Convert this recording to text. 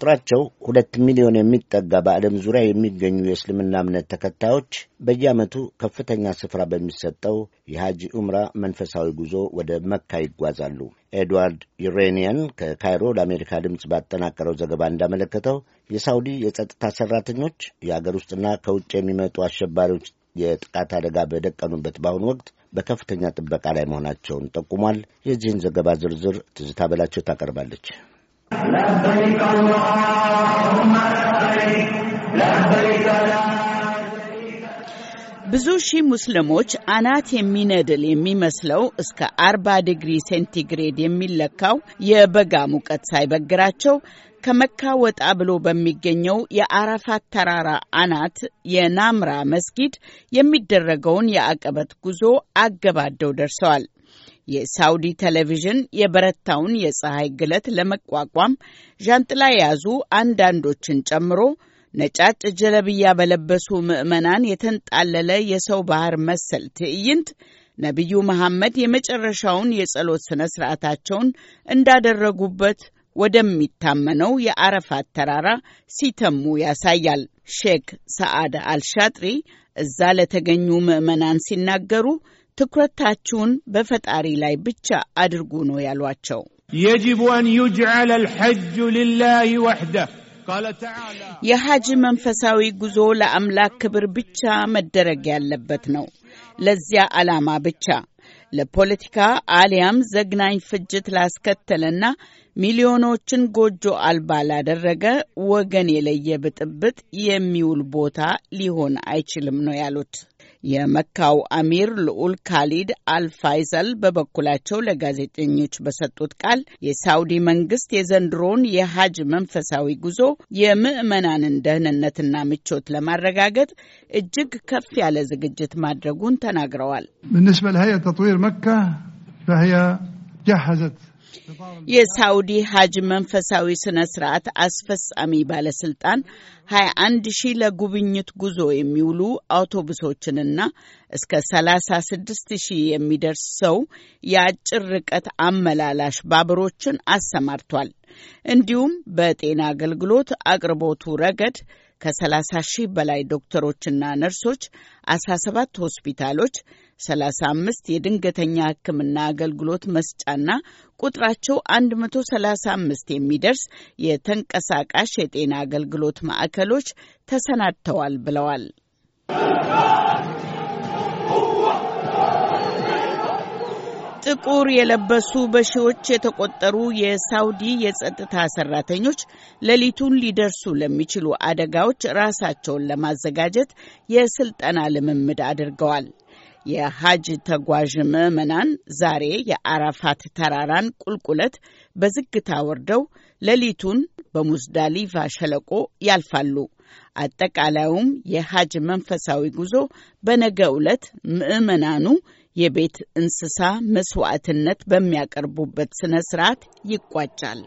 ቁጥራቸው ሁለት ሚሊዮን የሚጠጋ በዓለም ዙሪያ የሚገኙ የእስልምና እምነት ተከታዮች በየዓመቱ ከፍተኛ ስፍራ በሚሰጠው የሐጂ ዑምራ መንፈሳዊ ጉዞ ወደ መካ ይጓዛሉ። ኤድዋርድ ዩሬኒየን ከካይሮ ለአሜሪካ ድምፅ ባጠናቀረው ዘገባ እንዳመለከተው የሳውዲ የጸጥታ ሠራተኞች የአገር ውስጥና ከውጭ የሚመጡ አሸባሪዎች የጥቃት አደጋ በደቀኑበት በአሁኑ ወቅት በከፍተኛ ጥበቃ ላይ መሆናቸውን ጠቁሟል። የዚህን ዘገባ ዝርዝር ትዝታ በላቸው ታቀርባለች። ብዙ ሺህ ሙስሊሞች አናት የሚነድል የሚመስለው እስከ አርባ ዲግሪ ሴንቲግሬድ የሚለካው የበጋ ሙቀት ሳይበግራቸው ከመካ ወጣ ብሎ በሚገኘው የአረፋት ተራራ አናት የናምራ መስጊድ የሚደረገውን የአቀበት ጉዞ አገባደው ደርሰዋል። የሳውዲ ቴሌቪዥን የበረታውን የፀሐይ ግለት ለመቋቋም ዣንጥላ የያዙ አንዳንዶችን ጨምሮ ነጫጭ ጀለብያ በለበሱ ምዕመናን የተንጣለለ የሰው ባህር መሰል ትዕይንት ነቢዩ መሐመድ የመጨረሻውን የጸሎት ሥነ ሥርዓታቸውን እንዳደረጉበት ወደሚታመነው የአረፋት ተራራ ሲተሙ ያሳያል። ሼክ ሰዓድ አልሻጥሪ እዛ ለተገኙ ምዕመናን ሲናገሩ ትኩረታችሁን በፈጣሪ ላይ ብቻ አድርጉ ነው ያሏቸው። የጅቡ አን ዩጅዓል አልሐጁ ሊላሂ ወሕደህ የሐጅ መንፈሳዊ ጉዞ ለአምላክ ክብር ብቻ መደረግ ያለበት ነው። ለዚያ ዓላማ ብቻ ለፖለቲካ አሊያም ዘግናኝ ፍጅት ላስከተለና ሚሊዮኖችን ጎጆ አልባ ላደረገ ወገን የለየ ብጥብጥ የሚውል ቦታ ሊሆን አይችልም ነው ያሉት። የመካው አሚር ልዑል ካሊድ አልፋይዘል በበኩላቸው ለጋዜጠኞች በሰጡት ቃል የሳውዲ መንግስት የዘንድሮውን የሀጅ መንፈሳዊ ጉዞ የምዕመናንን ደህንነትና ምቾት ለማረጋገጥ እጅግ ከፍ ያለ ዝግጅት ማድረጉን ተናግረዋል። የሳውዲ ሀጅ መንፈሳዊ ስነ ስርዓት አስፈጻሚ ባለስልጣን 21 ሺህ ለጉብኝት ጉዞ የሚውሉ አውቶቡሶችንና እስከ 36 ሺህ የሚደርስ ሰው የአጭር ርቀት አመላላሽ ባቡሮችን አሰማርቷል። እንዲሁም በጤና አገልግሎት አቅርቦቱ ረገድ ከ30 ሺህ በላይ ዶክተሮችና ነርሶች 17 ሆስፒታሎች 35 የድንገተኛ ሕክምና አገልግሎት መስጫና ቁጥራቸው 135 የሚደርስ የተንቀሳቃሽ የጤና አገልግሎት ማዕከሎች ተሰናድተዋል ብለዋል። ጥቁር የለበሱ በሺዎች የተቆጠሩ የሳውዲ የጸጥታ ሰራተኞች ሌሊቱን ሊደርሱ ለሚችሉ አደጋዎች ራሳቸውን ለማዘጋጀት የስልጠና ልምምድ አድርገዋል። የሐጅ ተጓዥ ምዕመናን ዛሬ የአራፋት ተራራን ቁልቁለት በዝግታ ወርደው ሌሊቱን በሙዝዳሊቫ ሸለቆ ያልፋሉ። አጠቃላዩም የሐጅ መንፈሳዊ ጉዞ በነገ ዕለት ምዕመናኑ የቤት እንስሳ መስዋዕትነት በሚያቀርቡበት ስነ ስርዓት ይቋጫል።